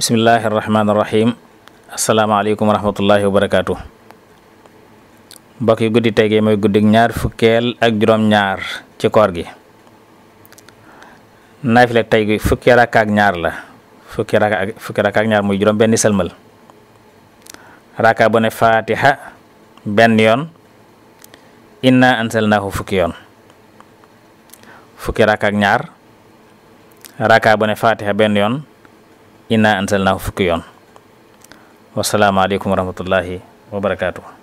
bismillahi rahmaani rahim asalaamaaleykum wa rahmatullahi wa barakaatu yi guddi tey gi mooy guddi ñaar fukkeel ak juróom-ñaar ci koor gi naafila tey gi fukki rakka ak ñaar la fukki rakka ak fukki rakka ñaar muy juróom benn sëlmal rakka bu ne benn yoon inna ansalnaahu fukki yoon fukki rakka ak ñaar rakka bu ne fatiha benn yoon inna anzalnaahu fukki yoon wasalaamaaleykum wa rahmatullahi wa barakaatu.